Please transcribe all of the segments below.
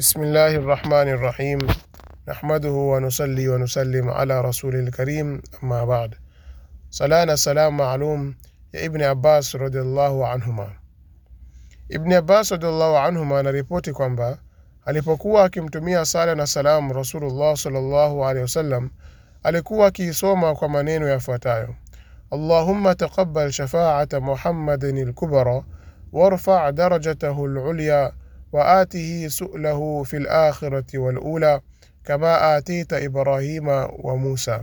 بسم الله الرحمن الرحيم نحمده ونصلي ونسلم على رسول الكريم أما بعد صلانا سلام معلوم يا ابن Abbas radhiallahu anhuma Ibn Abbas radhiallahu anhuma anaripoti kwamba alipokuwa akimtumia sala na salamu Rasulullah sallallahu alaihi wasallam alikuwa akiisoma kwa maneno yafuatayo: Allahumma taqabbal shafa'ata Muhammadin al-kubra warfa' darajatahu al-ulya وآته سؤله في الآخرة والأولى كما آتيت إبراهيم وموسى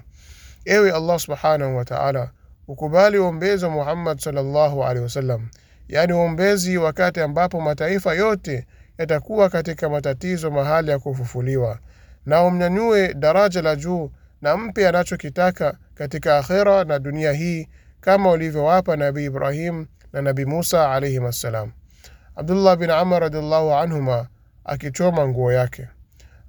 ewe allah subhanahu wa ukubali uombezi wa muhammad salllahu alehi wasallam yaani uombezi wakati ambapo mataifa yote yatakuwa katika matatizo mahali ya kufufuliwa na umnyanyue daraja la juu na mpe anachokitaka katika akhera na dunia hii kama ulivyowapa nabii ibrahim na nabii musa alaihim assalam Abdullah bin Amr radhiallahu anhuma akichoma nguo yake.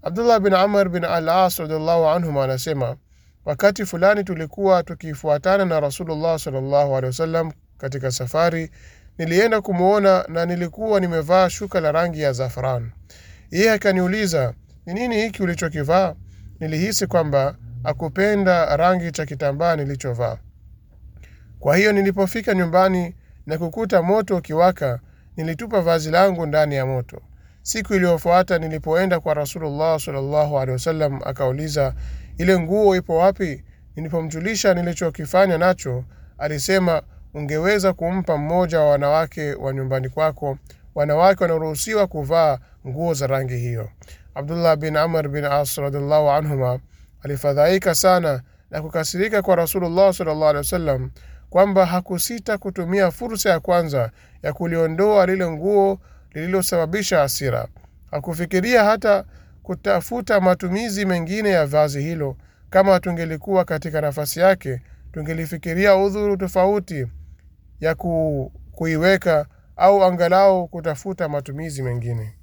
Abdullah bin Amr bin al-As radhiallahu anhuma anasema wakati fulani tulikuwa tukifuatana na Rasulullah sallallahu alaihi wasallam katika safari. Nilienda kumwona na nilikuwa nimevaa shuka la rangi ya zafran. Yeye akaniuliza ni nini hiki ulichokivaa? Nilihisi kwamba akupenda rangi cha kitambaa nilichovaa. Kwa hiyo nilipofika nyumbani na kukuta moto ukiwaka, nilitupa vazi langu ndani ya moto. Siku iliyofuata nilipoenda kwa Rasulullah sallallahu alaihi wasallam, akauliza ile nguo ipo wapi? Nilipomjulisha nilichokifanya nacho, alisema ungeweza kumpa mmoja wa wanawake wa nyumbani kwako. Wanawake wanaruhusiwa kuvaa nguo za rangi hiyo. Abdullah bin Amr bin As radhiallahu anhuma alifadhaika sana na kukasirika kwa Rasulullah sallallahu alaihi wasallam kwamba hakusita kutumia fursa ya kwanza ya kuliondoa lile nguo lililosababisha hasira hakufikiria hata kutafuta matumizi mengine ya vazi hilo kama tungelikuwa katika nafasi yake tungelifikiria udhuru tofauti ya ku, kuiweka au angalau kutafuta matumizi mengine